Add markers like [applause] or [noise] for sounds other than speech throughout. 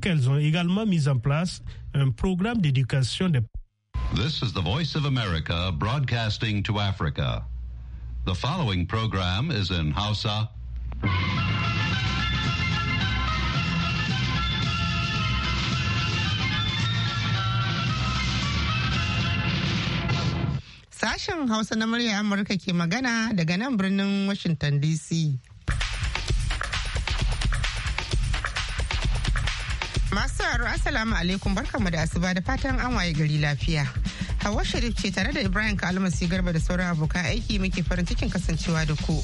qu'elles ont également mis en place un programme d'éducation des This is the Voice of America broadcasting to Africa. The following program is in Hausa. Sashen Hausa na murya Amurka ke magana daga nan birnin Washington DC. sauraro Assalamu alaikum barkanmu da asuba da fatan an waye gari lafiya. Hawa Sharif ce tare da Ibrahim Kalmasi Garba da sauran abokan aiki muke farin cikin kasancewa da ku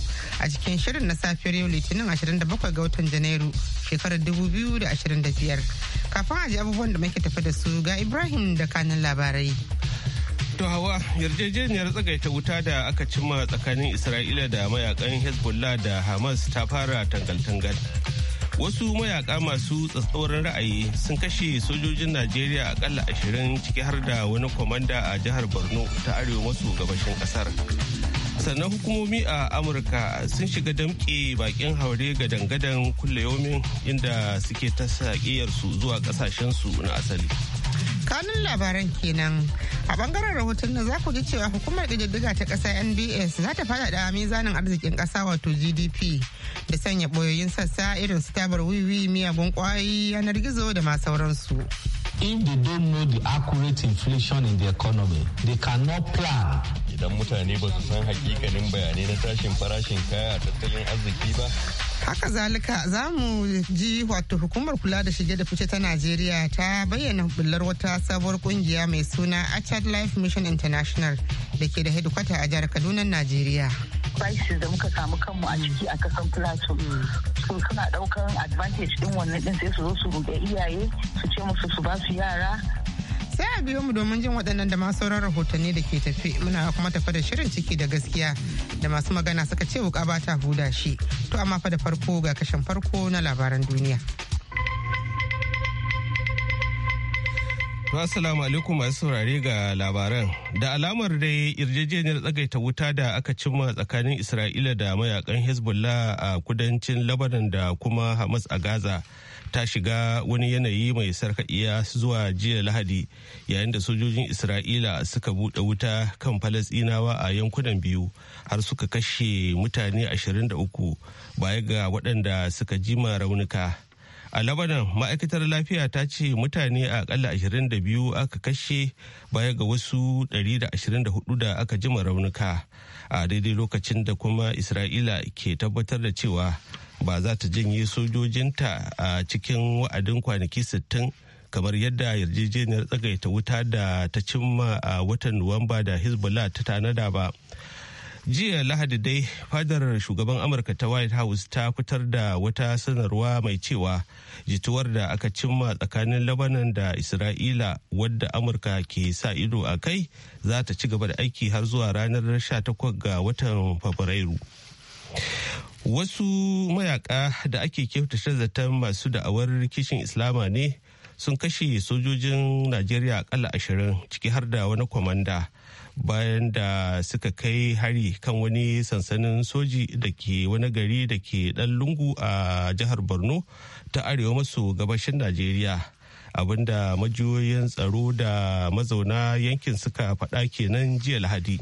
a cikin shirin na safiyar yau Litinin 27 ga watan Janairu shekarar 2025. Kafin aji abubuwan da muke tafi da su ga Ibrahim da kanin labarai. To hawa yarjejeniyar tsagaita wuta da aka cimma tsakanin Isra'ila da mayakan Hezbollah da Hamas ta fara tangal-tangal. wasu mayaka masu tsatsauran ra'ayi sun kashe sojojin najeriya akalla ashirin ciki har da wani kwamanda a jihar borno ta arewa maso gabashin kasar sannan hukumomi a amurka sun shiga damke bakin haure ga dangadan yomin inda suke ta su zuwa ƙasashensu na asali kanun labaran kenan A bangaren rahoton nan, za ku ji cewa hukumar ƙididdiga ta ƙasa NBS za ta faɗaɗa mizanin arzikin ƙasa wato GDP da sanya ɓoyoyin sassa irin su tabar wiwi miyagun ƙwayoyi yanar gizo da ma sauransu. if they don't know the accurate inflation in the economy they cannot plan idan mutane ba su san hakikanin bayanai na tashin farashin kaya a tattalin arziki ba haka zalika za mu ji wato hukumar kula da shige da fice ta najeriya ta bayyana bullar wata sabuwar kungiya mai suna achad life mission international da ke da hedikwata a jihar kaduna najeriya crisis da muka samu kanmu a mm. ciki a kasan plateau mm. su suna daukan advantage din wannan din sai su zo su ruɗe iyaye su ce musu su ba su yara sai a biyo mu domin jin waɗannan da masu sauran rahotanni da ke tafe muna kuma tafa da shirin ciki da gaskiya da masu magana suka ce wuka ba ta huda shi to amma fa da farko ga kashen farko na labaran duniya. To assalamu alaikum masu saurare ga labaran. Da alamar dai yarjejeniyar tsagaita wuta da aka cimma tsakanin Isra'ila da mayakan Hezbollah a kudancin labanan da kuma Hamas a Gaza ta shiga wani yanayi mai sarkaɗiya zuwa jiya Lahadi yayin da sojojin Isra'ila suka buɗe wuta kan Falasɗinawa a yankunan biyu har suka kashe mutane 23 baya ga waɗanda suka jima raunuka. a labanan ma'aikatar lafiya ta ce mutane a akalla 22 aka kashe baya ga wasu 124 da aka jima raunuka a daidai lokacin da kuma isra'ila ke tabbatar da cewa ba za ta janye sojojinta a cikin wa'adin kwanaki 60 kamar yadda yarjejeniyar tsagaita wuta da ta cimma a watan nuwamba da hezbollah ta tanada ba jiya lahadi dai fadar shugaban amurka ta white house ta fitar da wata sanarwa mai cewa jituwar da aka cimma tsakanin labanan da isra'ila wadda amurka ke sa ido a kai za ta ci gaba da aiki har zuwa ranar 18 ga watan fabrairu wasu mayaka da ake kyautata zaton masu da'awar kishin islama ne sun kashe sojojin najeriya akalla ashirin ciki har da wani kwamanda bayan da suka kai hari kan wani sansanin soji da ke wani gari da ke dan lungu a jihar borno ta arewa maso gabashin najeriya abinda majiyoyin tsaro da mazauna yankin suka faɗa kenan jiya lahadi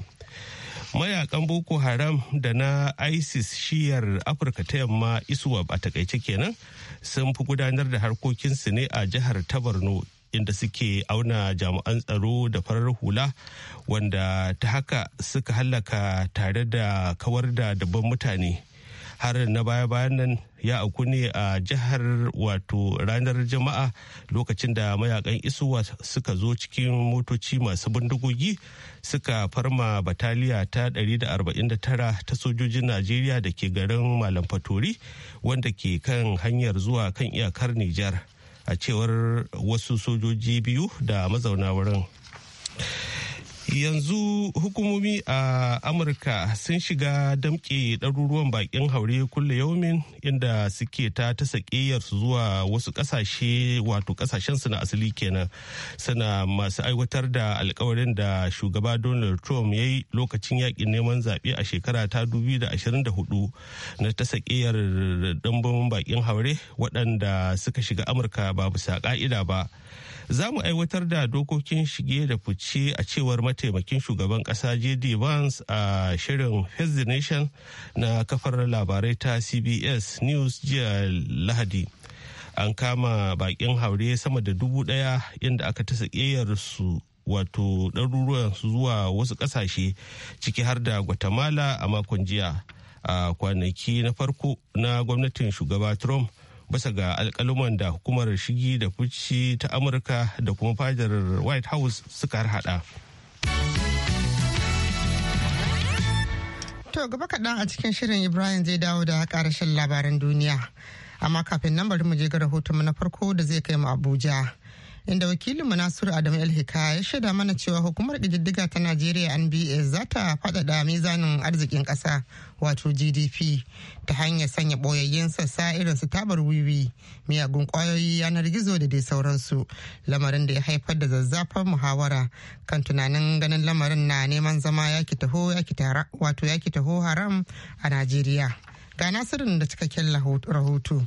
mayakan boko haram da na isis shiyar afirka ta yamma isuwa a takaice kenan sun fi gudanar da harkokinsu ne a jihar ta borno inda suke auna jami'an tsaro da farar hula wanda ta haka suka hallaka tare da kawar da dabban mutane har na baya-bayan nan ya auku ne a jihar wato ranar jama'a lokacin da mayakan isuwa suka zo cikin motoci masu bindigogi suka farma bataliya ta 149 ta sojojin najeriya da ke garin malam fatori wanda ke kan hanyar zuwa kan iyakar nijar a cewar wasu sojoji biyu da mazauna wurin yanzu hukumomi a amurka sun shiga damƙe ɗaruruwan bakin haure kulle yaumin inda suke ta ta su zuwa wasu ƙasashe wato su na asali kenan suna masu aiwatar da alkawarin da shugaba donald trump ya yi lokacin yaƙin neman zaɓe a shekara ta 2024 na ta sakiyar ɗumbin bakin haure waɗanda suka shiga amurka ba bisa ƙa'ida ba za mu aiwatar da dokokin shige da fice a cewar mataimakin shugaban ƙasa jd vance a shirin face nation na kafar labarai ta cbs news jiya lahadi an kama bakin haure sama da dubu daya inda aka ta su wato ɗaruruwan su zuwa wasu ƙasashe ciki har da guatemala a makon jiya a kwanaki na farko na gwamnatin shugaba trump bisa ga alkaluman da hukumar shigi da fushi ta amurka da kuma fadar white house suka harhaɗa. To gaba kaɗan a cikin shirin Ibrahim zai dawo da ƙarashin labaran duniya. Amma kafin nan bari mu je ga rahotonmu na farko da zai kai mu Abuja. inda wakilin Nasiru Adamu El ya shaida mana cewa hukumar ƙididdiga ta Najeriya NBA za ta faɗaɗa mizanin arzikin ƙasa wato GDP ta hanyar sanya ɓoyayyen sassa irin su tabar wiwi, miyagun ƙwayoyi yanar gizo da dai sauransu lamarin da ya haifar da zazzafar muhawara kan tunanin ganin lamarin na neman zama yaki taho wato yaki taho haram a Najeriya. Ga Nasirin da cikakken rahoto.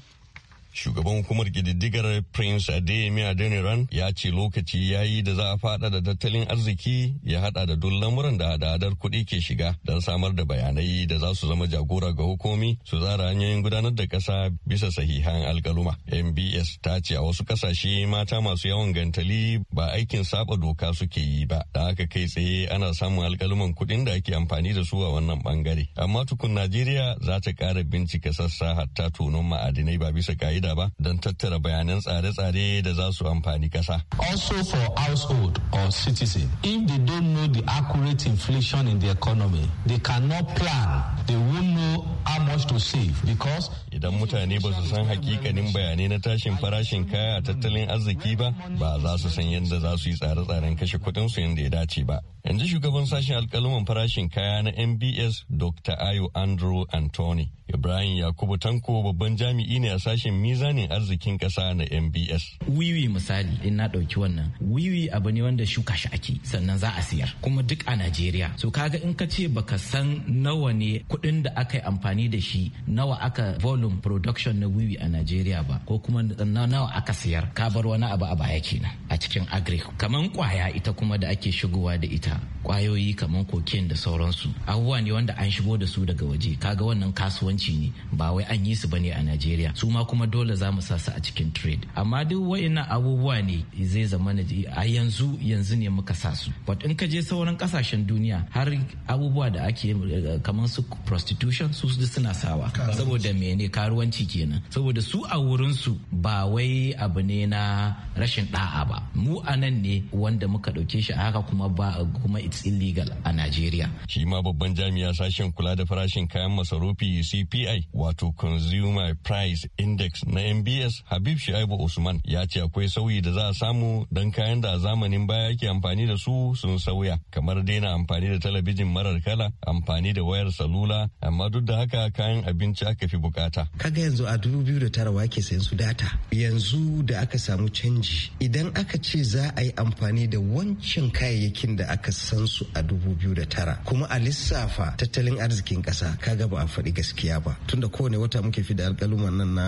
Shugaban hukumar gididdigar Prince Adeyemi Adeniran ya ce lokaci ya yi da za a fada da tattalin arziki ya hada da duk lamuran da hada kuɗi ke shiga don samar da bayanai da za su zama jagora ga hukumi su zara hanyoyin gudanar da ƙasa bisa sahihan alkaluma. MBS ta ce a wasu ƙasashe mata masu yawan gantali ba aikin saba doka suke yi ba da haka kai tsaye ana samun alkaluman kuɗin da ake amfani da su a wannan bangare. Amma tukun Najeriya za ta ƙara bincika sassa hatta tonon ma'adinai ba bisa ka'ida al'ada ba don tattara bayanan tsare-tsare da za su amfani kasa. Also for household or citizen, if they don't know the accurate inflation in the economy, they cannot plan, they won't know how much to save because idan mutane ba su san hakikanin bayanai na tashin farashin kaya a tattalin arziki ba ba za su san yadda za su yi tsare-tsaren kashe kudinsu yadda ya dace ba yanzu shugaban sashen alkaluman farashin kaya na mbs dr ayo andrew anthony ibrahim yakubu tanko babban jami'i ne a sashen zanin arzikin kasa na MBS. Wiwi misali in na ɗauki wannan wiwi abu ne wanda shuka shi ake sannan za a siyar kuma duk a Najeriya. So kaga in ka ce baka san nawa ne kuɗin da aka yi amfani da shi nawa aka volume production na wiwi a Najeriya ba ko kuma nawa aka siyar ka bar wani abu a baya kenan a cikin agri. Kaman kwaya ita kuma da ake shigowa da ita kwayoyi kaman kokin da sauransu abubuwa ne wanda an shigo da su daga waje kaga wannan kasuwanci ne ba wai an yi su bane a Najeriya su ma kuma dole dole za mu sasa a cikin trade amma duk wa'annan abubuwa ne zai zama na a yanzu yanzu ne muka sa su but in ka je sauran kasashen duniya har abubuwa da ake kamar su prostitution su suna sawa saboda mene karuwanci kenan saboda su a wurin su ba wai abu ne na rashin da'a ba mu a nan ne wanda muka dauke shi a haka kuma ba kuma it's illegal a Najeriya shi ma babban jami'a sashen kula da farashin kayan masarufi CPI wato consumer price index na MBS Habib Shaibu Usman ya ce akwai sauyi da za a samu don kayan da a zamanin baya ke amfani da su sun sauya kamar daina amfani da talabijin marar kala amfani da wayar salula amma duk da haka kayan abinci aka fi bukata. Kaga yanzu a dubu biyu da tara wake sayan su data yanzu da aka samu canji idan aka ce za a yi amfani da wancan kayayyakin da aka san su a dubu biyu da tara kuma a lissafa tattalin arzikin kasa kaga ba a faɗi gaskiya ba tunda kowane wata muke fi da alƙaluman nan na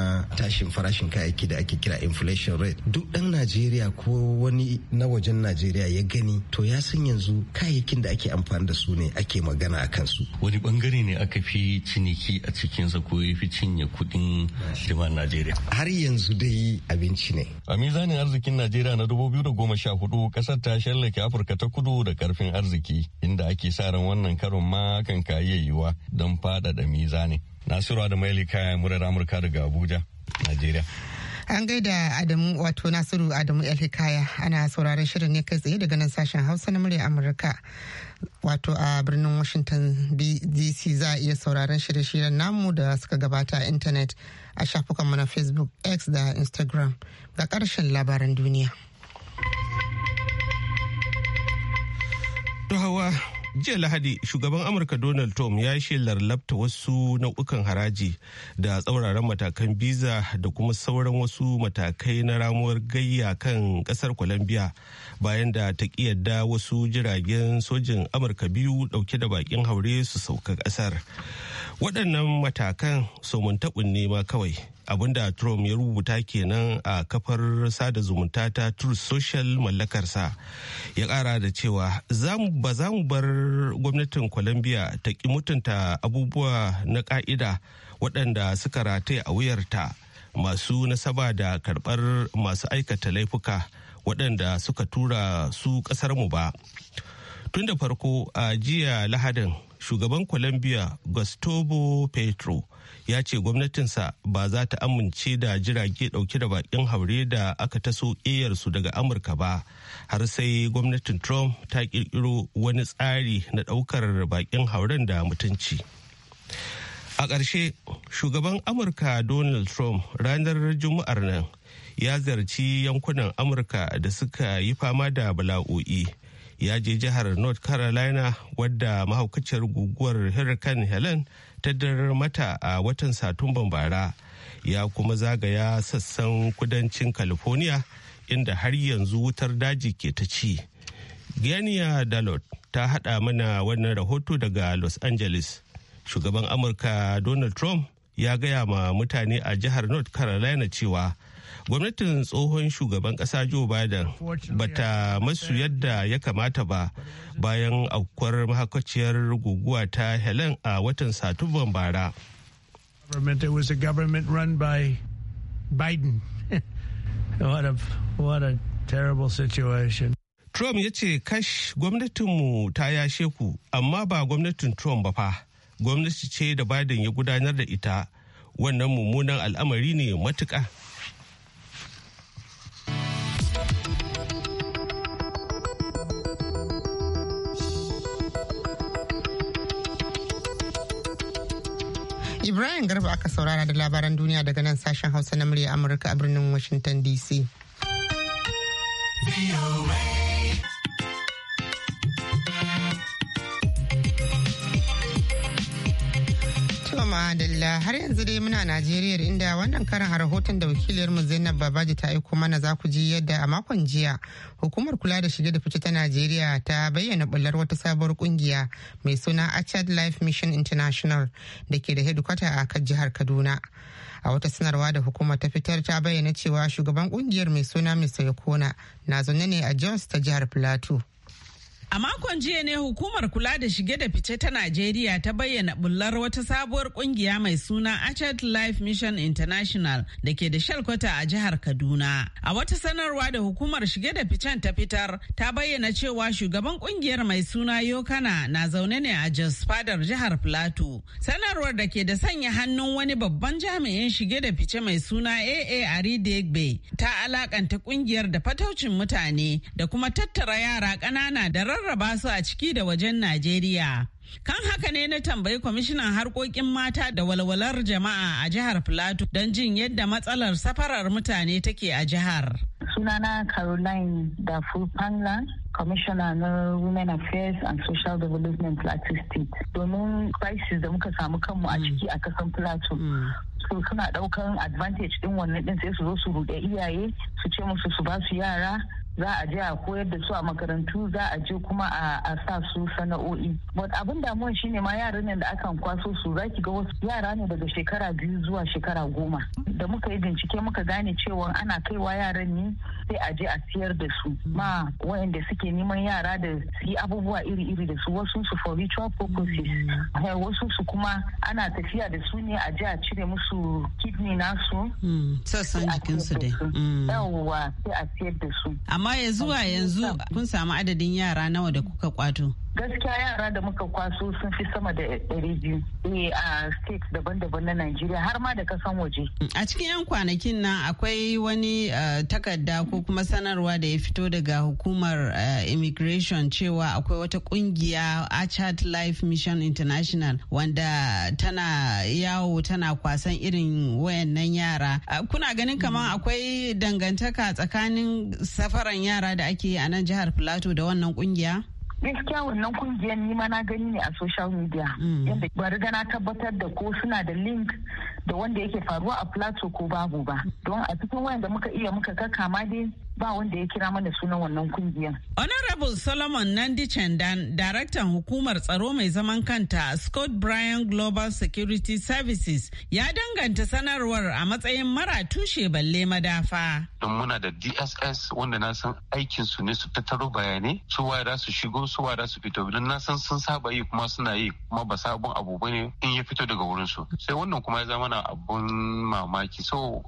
tashin farashin kayayyaki da ake kira inflation rate duk ɗan najeriya ko wani na wajen najeriya ya gani to ya san yanzu kayayyakin da ake amfani da su ne ake magana a kansu wani bangare ne aka fi ciniki a cikinsa ko ya fi cinye kuɗin jama'ar najeriya har yanzu dai abinci ne a mizanin arzikin najeriya na hudu kasar ta shallake afirka ta kudu da karfin arziki inda ake sa ran wannan karon ma kan kayayyuwa don da mizanin nasiru da maili kayan murar amurka daga abuja Najeriya. An gaida Adamu wato Nasiru Adamu El Hikaya ana sauraron shirin ne kai tsaye daga nan sashen Hausa na murya Amurka. Wato a birnin Washington DC za a iya sauraron shirye-shiryen namu da suka gabata a intanet a shafukan na Facebook, X da Instagram ga karshen labaran duniya. jiya lahadi shugaban amurka donald trump ya yi shelar labta wasu nau'ukan haraji da tsauraran matakan biza da kuma sauran wasu matakai na ramuwar gayya kan kasar colombia bayan da ta kiyarda wasu jiragen sojin amurka biyu dauke da bakin haure su sauka kasar waɗannan matakan somin taɓin nema kawai abinda trump ya rubuta kenan a kafar sada zumunta ta truth social mallakarsa ya kara da cewa ba za mu bar gwamnatin colombia ta ki mutunta abubuwa na ka'ida waɗanda suka rataye a wuyarta masu nasaba da karɓar masu aikata laifuka waɗanda suka tura su ƙasarmu ba tun da farko a jiya lahadin shugaban colombia gustavo petro ya ce gwamnatinsa ba za ta amince da jirage dauke da bakin haure da aka taso su daga amurka ba har sai gwamnatin trump ta kirkiro wani tsari na daukar bakin hauren da mutunci a ƙarshe shugaban amurka donald trump ranar juma'ar nan ya ziyarci yankunan amurka da suka yi fama da bala'o'i ya je jihar north carolina wadda mahaukaciyar guguwar hurricane helen ta darar mata a watan satumban bara ya kuma zagaya sassan kudancin california inda har yanzu wutar daji ke ta ci genia dalot ta hada mana wannan rahoto daga los angeles shugaban amurka donald trump ya gaya ma mutane a jihar north carolina cewa gwamnatin tsohon shugaban kasa joe biden bata masu yadda ya kamata ba bayan aukwar mahakaciyar guguwa ta helen a watan satumban bara [laughs] Trump ya ce kash gwamnatinmu ta yashe ku amma ba gwamnatin Trump ba fa gwamnati ce da Biden ya gudanar da ita wannan mummunan al'amari ne matuƙa. Ibrahim Garba aka saurara da labaran duniya daga nan sashen Hausa na murya Amurka a birnin Washington DC. madalla har yanzu dai muna Najeriya inda wannan karin a rahoton da wakiliyar mu Zainab Babaji ta aiko mana za ku ji yadda a makon jiya hukumar kula da shige da fice ta Najeriya ta bayyana bullar wata sabuwar kungiya mai suna Achad Life Mission International da ke da hedikwata a kan jihar Kaduna. A wata sanarwa da hukumar ta fitar ta bayyana cewa shugaban kungiyar mai suna Mr. Yakona na zaune ne a Jos ta jihar Plateau. A makon jiya ne hukumar kula da shige da fice ta Najeriya ta bayyana bullar wata sabuwar kungiya mai suna Achat Life Mission International da ke da shalkwata a jihar Kaduna. A wata sanarwa da hukumar shige da ficen ta fitar ta bayyana cewa shugaban kungiyar mai suna Yokana na zaune ne a Jos Fadar jihar Plateau. Sanarwar da ke da sanya hannun wani babban jami'in shige da fice mai suna AA Aridegbe ta alakanta kungiyar da fataucin mutane da kuma tattara yara ƙanana da rarraba su a ciki da wajen Najeriya. Kan haka ne na tambayi kwamishinan harkokin mata da walwalar jama'a a jihar Filato don jin yadda matsalar safarar mutane take a jihar. Sunana Caroline da fulpanland Commissioner na Women Affairs and Social Development Plateau State. Domin crisis da muka samu kanmu a mm. ciki a kasan Plateau. Mm. So suna daukan advantage din wannan din sai su zo su ruɗe iyaye su ce musu su ba su yara za a je a koyar da su a makarantu za a je kuma a sa su sana'o'i but abin damuwa shine ma yaran nan da akan kwaso su za ki ga wasu yara ne daga shekara biyu zuwa shekara goma da muka yi bincike muka gane cewa ana kaiwa yaran ne sai a je a siyar da su ma waɗanda suke neman yara da su yi abubuwa iri-iri da su wasu su for ritual purposes eh, wasu su kuma ana tafiya da su ne a je a cire musu kidney nasu hmm, sassan jikinsu dai hmm. yawwa sai a siyar da su amma ya zuwa yanzu kun samu adadin yara nawa da kuka kwato gaskiya yara da muka kwaso sun fi sama da ɗari biyu ne eh, a state daban-daban na Najeriya har ma da kasan waje. A cikin 'yan kwanakin nan akwai wani eh, takarda ko kuma sanarwa da ya fito daga hukumar eh, immigration cewa akwai wata kungiya Achat Life Mission International wanda tana yawo tana kwasan irin wayannan yara. Kuna ganin kamar mm. akwai dangantaka tsakanin safaran yara da ake yi a nan jihar Plateau da wannan kungiya? gaskiya wannan kungiyar ni ma na gani ne a social media mm. yadda ba riga na tabbatar da ko suna da link da wanda yake faruwa a plateau ko babu ba mm. don a cikin wayanda muka iya muka kakama dai ba wanda ya kira mana sunan wannan kungiyar. Honorable Solomon Nandi Chandan, daraktan hukumar tsaro mai zaman kanta Scott Bryan Global Security Services ya danganta sanarwar a matsayin mara tushe balle madafa. Don muna da DSS wanda na san aikin su ne su tattaro bayanai su da su shigo su da su fito don na san sun saba yi kuma suna yi kuma ba sabon abu ne in ya fito daga wurin su. Sai wannan kuma ya zama na abun mamaki so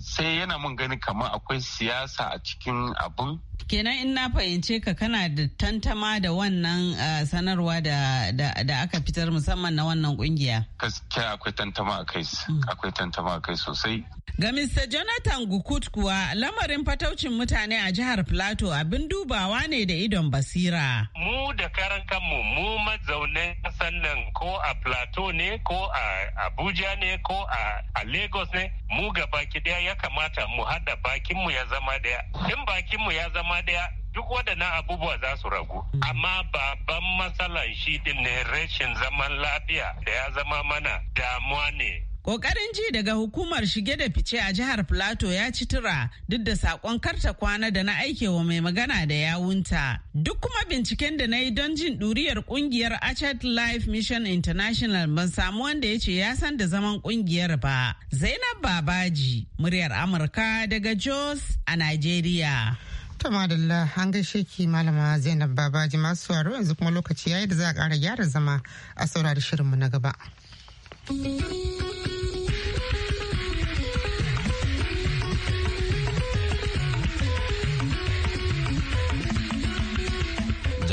sai yana mun gani kamar akwai siyasa a cikin abun. Kenan in na fahimce ka kana da tantama da wannan eh, sanarwa da aka fitar musamman na wannan kungiya. Gaskiya akwai tantama a kai hmm. akwai tantama a kai sosai. Ga Mr. Jonathan Gukut kuwa lamarin fataucin mutane a jihar Plateau abin dubawa ne da idon basira. Mu da karan kanmu mu mazaunin kasan nan ko a Plateau ne ko a Abuja ne ko a Lagos ne mu gaba daya ya kamata mu hada bakinmu ya zama daya in bakinmu ya zama daya duk waɗannan abubuwa za su ragu mm. amma babban matsalan shi ne rashin zaman lafiya da ya zama mana damuwa ne Ƙoƙarin ji daga hukumar shige da fice a jihar plateau ya ci tura duk da saƙon karta kwana da na aike wa mai magana da yawunta. Duk kuma binciken da na yi don jin ɗuriyar ƙungiyar Achat Life Mission International ban samu wanda ya ce ya san da zaman ƙungiyar ba. Zainab Babaji, muryar Amurka daga Jos a Najeriya. da an gaishe ki malama Zainab Babaji masu sauraro yanzu kuma lokaci yayi da za a ƙara gyara zama a saurari shirinmu na gaba.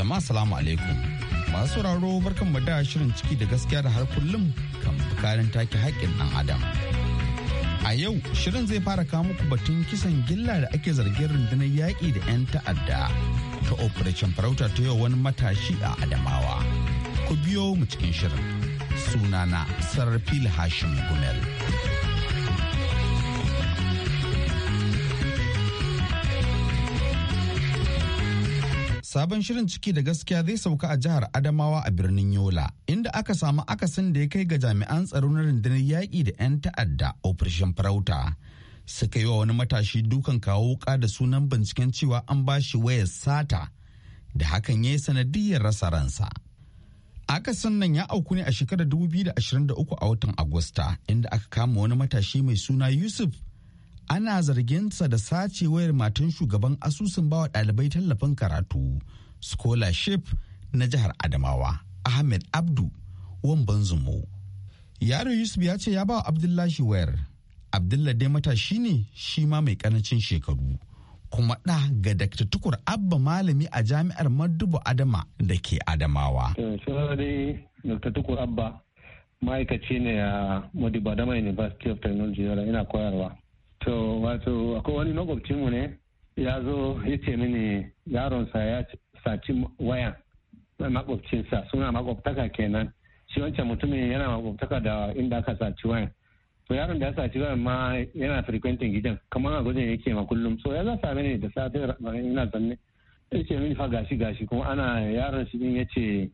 jama'a salamu alaikum masu sauraro barkan mu da shirin ciki da gaskiya da har kullum kan bukarin take haƙƙin ɗan adam a yau shirin zai fara kawo muku batun kisan gilla da ake zargin rundunar yaƙi da 'yan ta'adda ta operation farauta ta yau wani matashi a adamawa ku biyo mu cikin shirin sunana fili hashim gumel Sabon shirin ciki da gaskiya zai sauka a jihar Adamawa a birnin Yola, inda aka samu akasin da ya kai ga jami'an tsaro na rundunar yaƙi da 'yan ta'adda Operation Farauta. Suka yi wa wani matashi dukan kawo wuka da sunan binciken cewa an ba shi wayar sata da hakan ya yi sanadiyar rasa ransa. Akasin nan ya auku ne a shekarar 2023 a watan Agusta, inda aka kama wani matashi mai suna Yusuf ana zarginsa da sace wayar matan shugaban asusun bawa dalibai tallafin karatu scholarship na jihar adamawa ahmed abdu wamban zumo yaro yusuf ya ce ya ba abdullahi wayar abdullahi dai matashi ne shi ma mai karancin shekaru kuma ɗa ga Dr. Tukur Abba malami a jami'ar Madubu Adama da ke Adamawa. Eh, Abba ma'aikaci ne a Modibo Adama University of Technology yana koyarwa. to wato akwai wani mu ne ya zo ya ce mini yaronsa ya saci waya makwabcinsa suna makwabtaka kenan shi wancan mutumin yana makwabtaka da inda aka saci waya. to yaron da ya saci wayan ma yana frequentin gidan kamar a gudun yake ma kullum so ya za sa ni da safe ina zanne ya ce mini fa gashi gashi kuma ana yaron shi din ya ce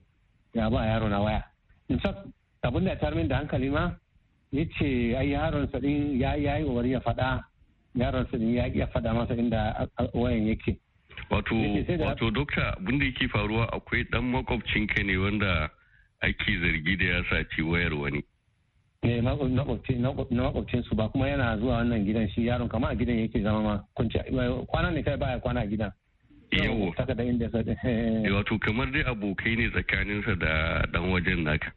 ya ba yaro na waya in fact abin da ya tarmin da hankali ma ya ce ai yaron sa din ya yi wari ya fada yaron sa din ya iya fada masa inda wayan yake wato wato dokta abinda yake faruwa akwai dan makwabcin ka ne wanda ake zargi da ya saci wayar wani ne eh, na makwabcin su ba kuma yana zuwa wannan gidan shi yaron kama a gidan yake zama ma kwana ne kai baya kwana a gidan yawo [laughs] eh, wato kamar dai abokai ne tsakaninsa da dan wajen naka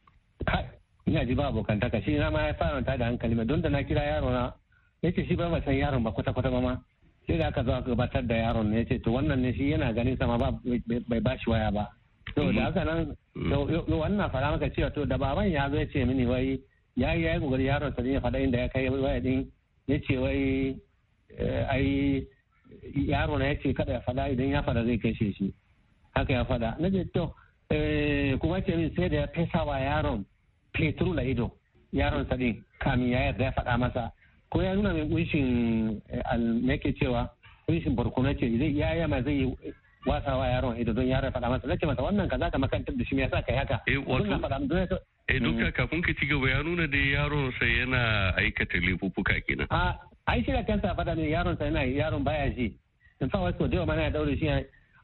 ina ji ba abokantaka shi na ma ya ta da hankali mai don da na kira yaro na ya ce shi ba ba san yaron ba kwata kwata ba ma sai da aka zo aka gabatar da yaron ne ce to wannan ne shi yana ganin sama ba bai ba shi waya ba to da mm-hmm. haka nan mm-hmm. to wannan fara maka cewa to da baban ya zo ce mini wai ya yi yayi kokari yaron sa ne fada inda ya kai waya din ce wai eh, ai yaro na ce kada ya fada idan ya fada zai kashe shi haka ya fada na ce to eh, kuma ce min sai da ya fesa wa yaron feturu la ido yaron sa din kamin ya yarda ya faɗa masa ko ya nuna mai kunshin eh, almeke cewa kunshin barkuna ce zai yaya ma zai wasawa yaron ido don yaron faɗa masa nake masa wannan kaza ka makantar da shi ya sa kai haka eh wato eh duka mm. kafin ka ci gaba ya nuna da yaron sa yana aikata laifuka kenan a ai shi da kansa faɗa ne yaron sa yana yaron baya ji in fa wasu da yawa mana ya daure shi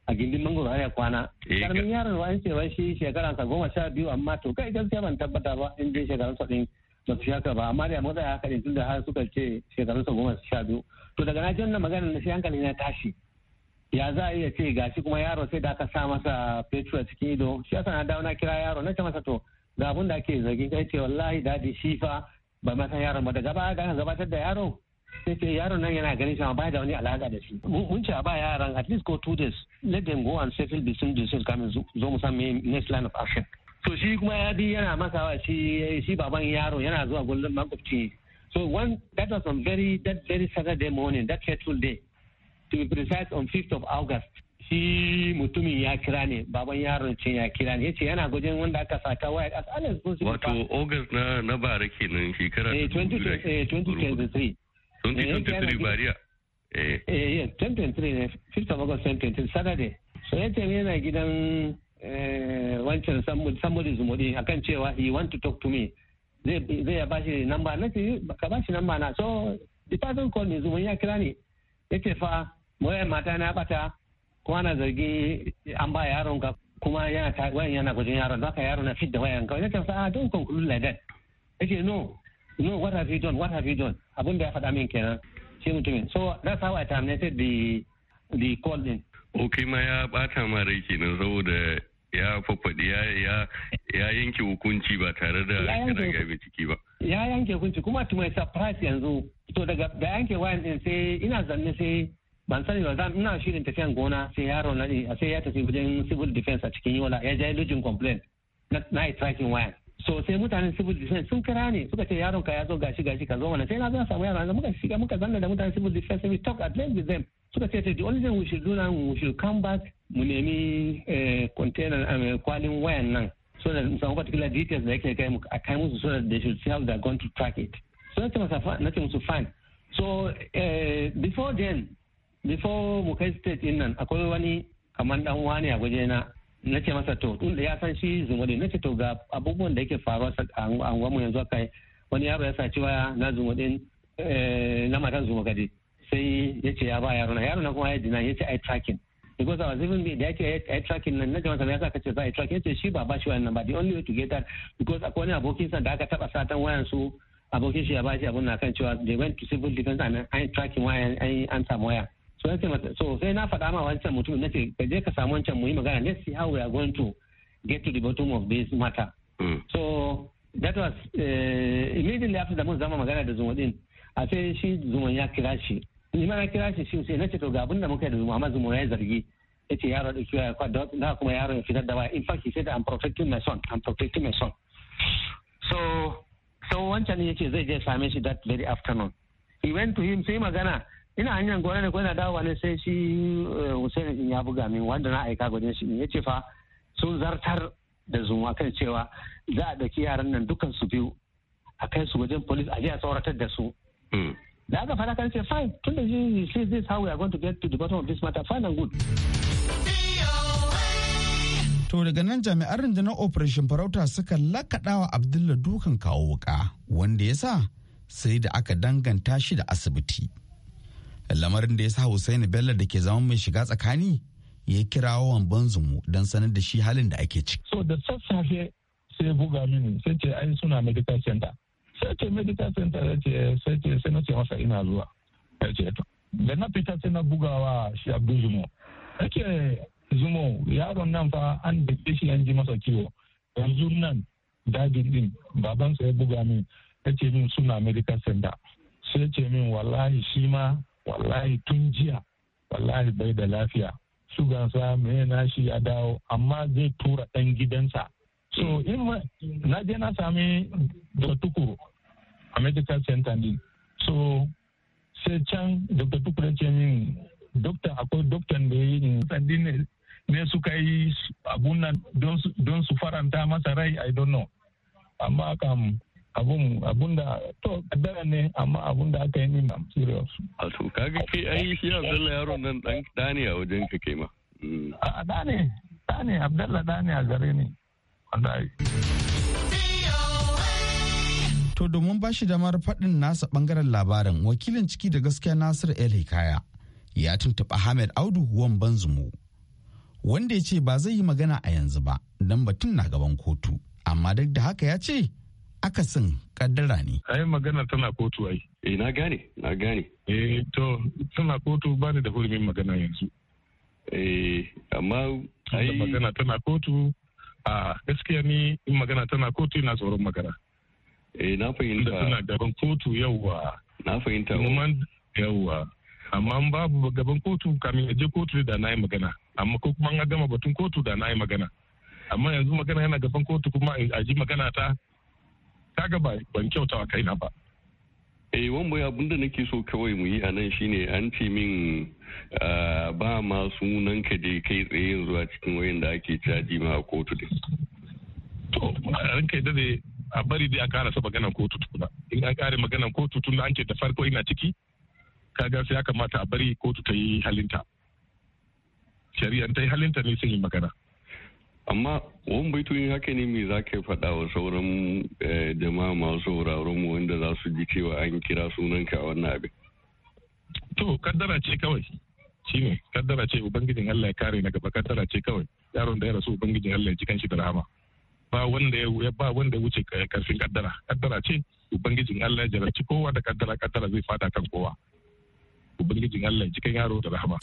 a gindin mangoro ya kwana eh, karamin yaron wa an wai shi shekaran sa goma sha biyu amma to kai gaskiya ban tabbata ba in dai shekaran sa din ba su shaka ba amma da ya haka din tunda har suka ce shekaran sa goma sha biyu to daga na ji wannan magana na sai hankali na tashi ya za a iya ce gashi kuma yaro sai da aka sa masa petrol cikin ido shi yasa na dawo na kira yaro na ce masa to ga abun da ake zargin kai ce wallahi dadi shifa ba masan yaron ba da gaba ga gabatar da yaro sai ce yaron nan yana ganin shi ba da wani alaka da shi mun ce a ba yaran at least go two days let them go and settle same themselves kamin zo mu san next line of action so shi kuma ya bi yana masa shi shi baban yaron yana zuwa gullun makwabci so one that was on very that very saturday morning that fateful day to be precise on 5th of august shi mutumin ya kira ne baban yaron cin ya kira ne yace yana gujin wanda aka saka waya as Alex Wato August na na bara kenan shekara 2023 eh, 2023 bariya. Eh, yes, 2023 ne, 5th of August 2023, Saturday. So, ya yace yana gidan wancan somebody zumudi akan cewa he want to talk to me. Zai ya bashi namba, na ce, ka bashi namba na. So, the person called me zumudi ya kira ni. Yace fa, moyar mata na bata, kuma na zargi an ba yaron ka kuma yana wayan yana gwajin yaron, zaka yaron na fit da wayan ka. Yace fa, don't conclude like that. Yace no, no what have you done what have you done abun da ya faɗa min kenan shi mutumin so that's how I terminated the the call okay ma ya bata ma rai kenan saboda ya fafaɗi ya yanke hukunci ba tare da kana gabe ciki ba ya yanke hukunci kuma to my surprise yanzu to daga da yanke wayan din sai ina zanne sai ban sani ba zan ina shirin tafiyan gona sai yaro na sai ya tafi wajen civil defense a cikin yola ya je lujin complaint na na tracking wayan sosai mutanen civil defense sun kira ne suka ce yaron ka ya zo gashi gashi ka zo mana sai na zo samu yaron da muka shiga muka zanna da mutanen civil defense we talk at length with them suka ce the only thing we should do now we should come back mu nemi eh, container um, kwalin wayan nan so that some particular details da yake kai a kai musu so that they should see how they are going to track it so na ce musu fine so eh, before then before mu kai state din nan akwai wani kamar dan wani a guje na na ce masa to tun da ya san shi zumudi na ce to ga abubuwan da yake faruwa a mu yanzu akai wani yaro ya saci waya na zumudin eh, na matan zumugadi sai ya ce ya ba yaro na yaro na kuma ya dina ya ce ai tracking because I was even da yake ai tracking nan na ce jama'a ya sa ka ce za a tracking ya ce shi ba ba shi wannan ba the only way to get that because akwai wani abokin sa da aka taba satan wayan su abokin shi ya ba shi abun na kan cewa they went to civil defense and an tracking wayan an samu wayan. so mata so sai na faɗa ma wancan mutum ce ka je ka samu wancan mu yi magana let's see how we are going to get to the bottom of this matter hmm. so that was uh, immediately after da mun zama magana da zuma din a sai shi zuma ya kira shi ni ma na kira shi shi sai ce to ga abin da muka yi da zuma amma zuma ya zargi Ya ce yaro da kiwa na kuma yaro ya fitar da waya in fact he said i'm protecting my son i'm protecting my son so so wancan yace zai je same shi that very afternoon he went to him sai magana ina hanyar gona ne ko dawowa ne sai shi eh, Hussein din ya buga min wanda na aika gwajin shi ya ce fa sun zartar da zuma kan cewa za a ɗauki yaran nan dukan su biyu a kai su wajen police a je a tsoratar da su hmm. da aka fara kan ce fine tun da shi shi this how we are going to get to the bottom of this matter fine and good To daga nan jami'an rundunar Operation Farauta suka lakaɗa wa Abdullah dukan kawo wuka wanda ya sa sai da aka danganta shi da asibiti. lamarin da ya sa Hussaini Bello da ke zama mai shiga tsakani ya kirawo wamban zumu don sanar da shi halin da ake ciki. So da sassafe sai buga mini sai ce ai suna medical center. Sai ce medical center sai ce sai ce sai na ce masa ina zuwa. Sai ce to. Da na fita sai na bugawa shi Abdul Zumo. Ake Zumo yaron nan fa an da shi an ji masa kiwo. Yanzu nan dajin din babansa ya buga min ya ce min suna medical center. Sai ce min wallahi shi ma wallahi tun jiya wallahi bai da lafiya sugansa mai nashi ya dawo amma zai tura ɗan gidansa so in na je na sami da tukuru a medical center din so sai can dr tukuru ce min dokta akwai doktan da yi ne ne suka yi abun don su faranta masa rai i don't know amma kam abun abun da to kaddara ne amma abun da aka yi min am serious a ka kaga kai ai shi Abdullahi yaron nan dan dani a wajen ka kai ma mm. a dani dani Abdullahi dani a gare ni wallahi to domin ba shi damar faɗin nasa ɓangaren labarin wakilin ciki da gaskiya Nasir El Hikaya ya tuntuɓa Ahmed Audu Wamban Banzumu wanda ya ce ba zai yi magana a yanzu ba don batun na gaban kotu amma duk da haka ya ce akasin kaddara ne. Ai magana tana kotu ai. Eh na gane, na gane. Eh to tana kotu ba da hurumin magana yanzu. Eh amma ai magana tana kotu a gaskiya ni in magana tana kotu ina tsoron magana. Eh na fahimta. Tana gaban kotu yauwa. Na fahimta. Kuma yauwa. Amma babu gaban kotu kamin je kotu da na yi magana. Amma ko kuma an gama batun kotu da na yi magana. Amma yanzu magana yana gaban kotu kuma a ji magana ta kaga ba ban kyauta wa kaina ba eh wan ya abinda nake so kawai mu yi a nan shine an ce min ah, ba ma sunan ka dai kai tsaye yanzu a cikin wayan da ake caji ma a kotu din to ranka yadda ne a bari dai a sa maganan kotu tukuna in an kare maganan kotu tun an ce da farko ina ciki kaga sai ya kamata a bari kotu ta yi halinta shari'a ta yi halinta ne sun yi magana amma wani baitoyin haka ne me zaka faɗa wa sauran eh, jama'a masu sauraron mu wanda za su ji cewa an kira sunanka a wannan abin to kaddara ce kawai shine kaddara ce ubangijin Allah ya kare na gaba kaddara ce kawai yaron da ya rasu ubangijin Allah ya ji kanshi da rahama ba wanda ya ba wanda ya wuce karfin kaddara kaddara ce ubangijin Allah ya jarabci kowa da kaddara kaddara zai fada kan kowa ubangijin Allah ya ji kan yaro da rahama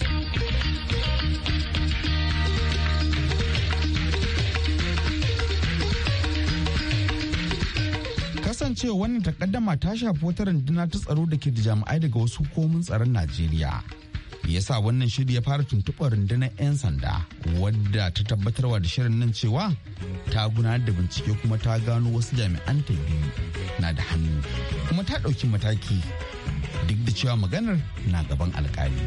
cewa wannan takaddama ta shafi wata runduna ta tsaro da ke da jami'ai daga wasu hukumomin tsaron najeriya ya sa wannan shiri ya fara tuntuɓar rundunar 'yan sanda wadda ta tabbatarwa da shirin nan cewa ta gudanar da bincike kuma ta gano wasu jami'an ta biyu na da hannu kuma ta ɗauki mataki duk da cewa maganar na gaban alkali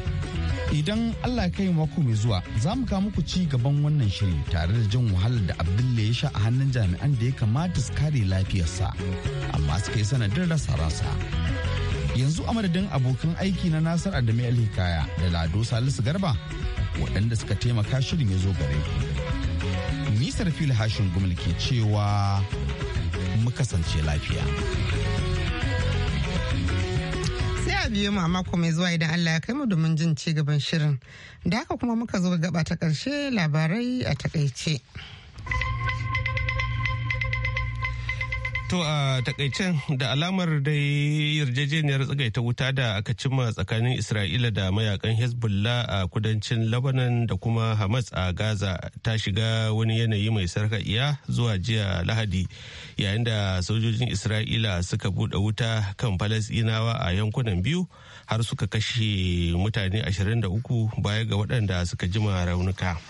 Idan Allah ya kai mako mai zuwa za mu kawo muku ci gaban wannan shiri tare da jin wahalar da Abdulla ya sha a hannun jami'an da ya kamata su kare lafiyarsa amma suka yi sanadin rasa rasa. Yanzu a madadin abokan aiki na Nasar Adamu Alhikaya da Lado Salisu Garba waɗanda suka taimaka shirin ya zo gare ku. Nisar fili hashin gwamnati ke cewa mu kasance lafiya. a biyo mu a mako mai zuwa idan Allah ya kai mu domin jin ci gaban shirin. Da haka kuma muka zo gaba ta ƙarshe labarai a takaice. To a takaicen da alamar dai yarjejeniyar tsagaita wuta da aka cimma tsakanin Isra'ila da mayakan Hezbollah a kudancin Lebanon da kuma Hamas a Gaza ta shiga wani yanayi mai iya zuwa jiya Lahadi yayin da sojojin Isra'ila suka buɗe wuta kan Falasɗinawa a yankunan biyu har suka kashe mutane 23 baya ga waɗanda suka jima raunuka.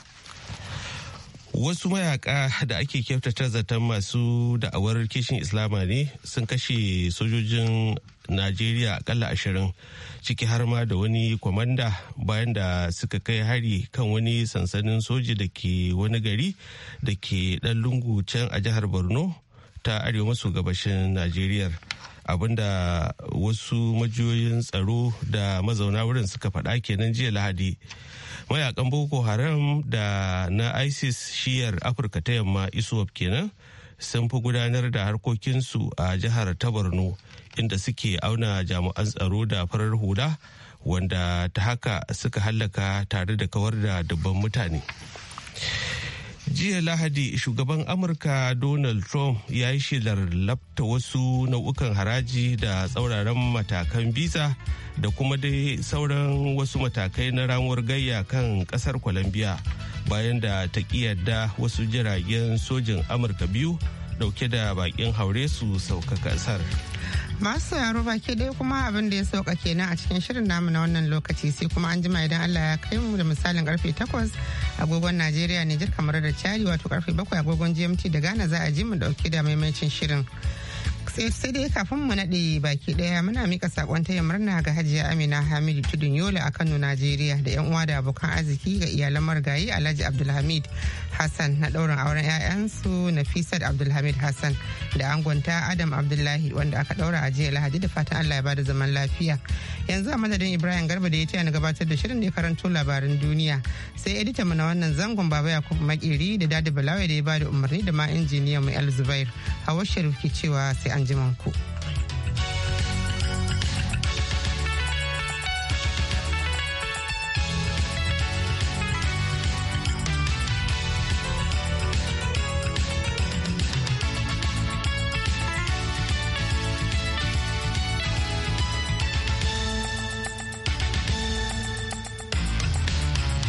wasu mayaka da ake kyautata zaton masu da'awar kishin islama ne sun kashe sojojin najeriya akalla ashirin ciki har ma da wani kwamanda bayan da suka kai hari kan wani sansanin soji da ke wani gari da ke dan lungu can a jihar borno ta arewa maso gabashin najeriya abinda wasu majiyoyin tsaro da mazauna wurin suka faɗa kenan jiya lahadi mayakan boko haram da na isis shiyar afirka ta yamma isuwaf kenan sun fi gudanar da harkokinsu a jihar ta borno inda suke auna jami'an tsaro da farar hula wanda ta haka suka hallaka tare da kawar da dubban mutane jiya lahadi shugaban amurka donald trump ya yi shelar labta wasu nau'ukan haraji da tsauraran matakan visa da kuma dai sauran wasu matakai na ramuwar gayya kan kasar colombia bayan da ta yarda wasu jiragen sojin amurka biyu dauke da bakin haure su sauka kasar. masu sauraro baki ɗaya kuma abin da ya sauka kenan a cikin shirin namu na wannan lokaci sai kuma an jima idan Allah ya kai mu da misalin karfe 8 agogon Najeriya ne kamar da cari wato karfe 7 agogon GMT da Ghana za a ji mu dauke da maimaicin shirin. Eh, sai dai kafin mu naɗe baki daya muna mika sakon taya murna ga hajiya amina hamidu tudun yola a kano najeriya da yan uwa da abokan arziki ga iyalan margayi alhaji abdulhamid hassan na ɗaurin auren 'ya'yansu nafisat abdulhamid hassan da angonta adam abdullahi wanda aka daura a jiya lahadi da fatan allah ya bada zaman lafiya yanzu a madadin ibrahim garba da ya taya gabatar da shirin da karanto labarin duniya sai editan mu na wannan zangon baba kuma makeri da dadi balawai da ya bada umarni da ma injiniyan mu el zubair hawa sharif ke cewa sai an an ku.